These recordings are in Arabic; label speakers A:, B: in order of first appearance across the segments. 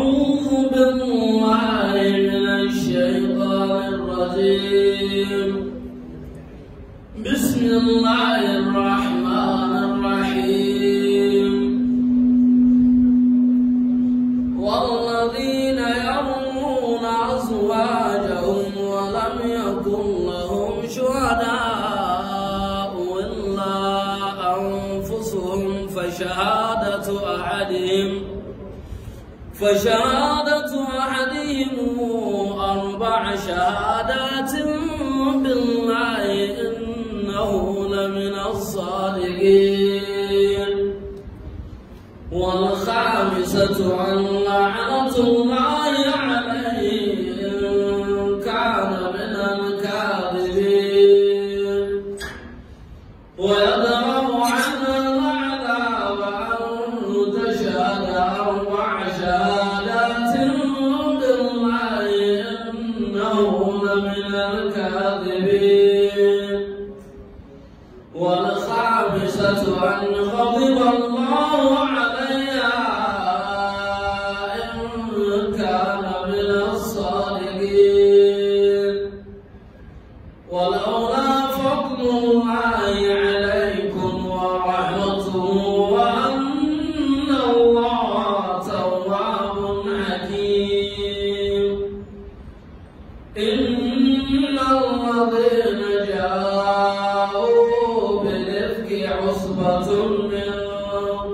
A: أعوذ بالله من الشيطان الرجيم بسم الله الرحمن الرحيم والذين يرمون أزواجهم ولم يكن لهم شهداء إلا أنفسهم فشهادة أحدهم فشهادت أحدهم أربع شهادات بالله إنه لمن الصادقين والخامسة أن لعنة الله عليه الله على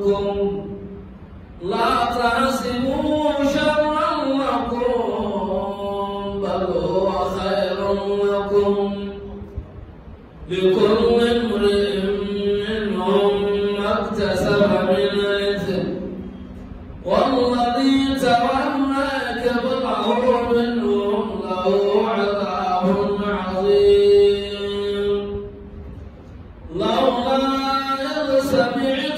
A: لكم لا تعزموا شرا لكم بل هو خير لكم لكل امرئ منهم ما اكتسب من اثم والذي تولى كبره منهم له عذاب عظيم لولا اذ سمع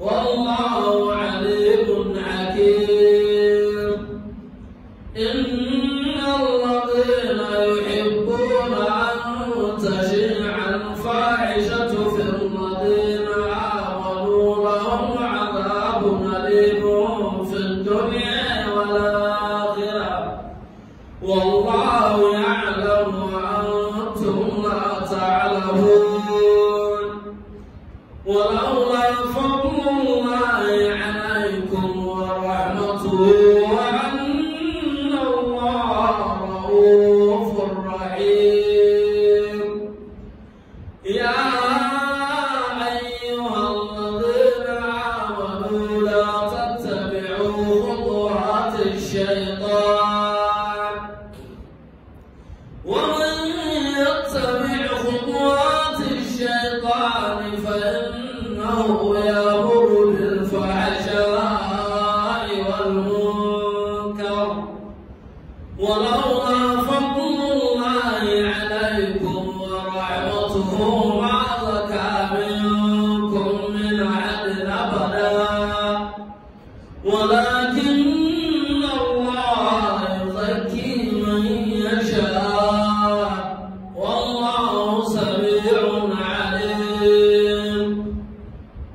A: والله Oh, well.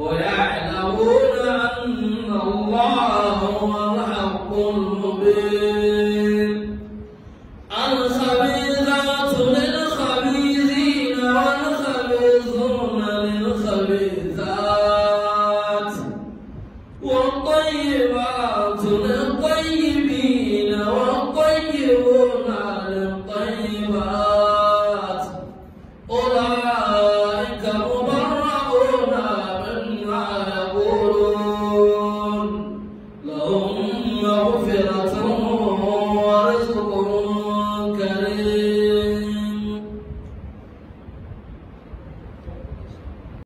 A: ويعلمون أن الله هو الحق المبين الخبيثات للخبيثين والخبيثون للخبيثات والطيبات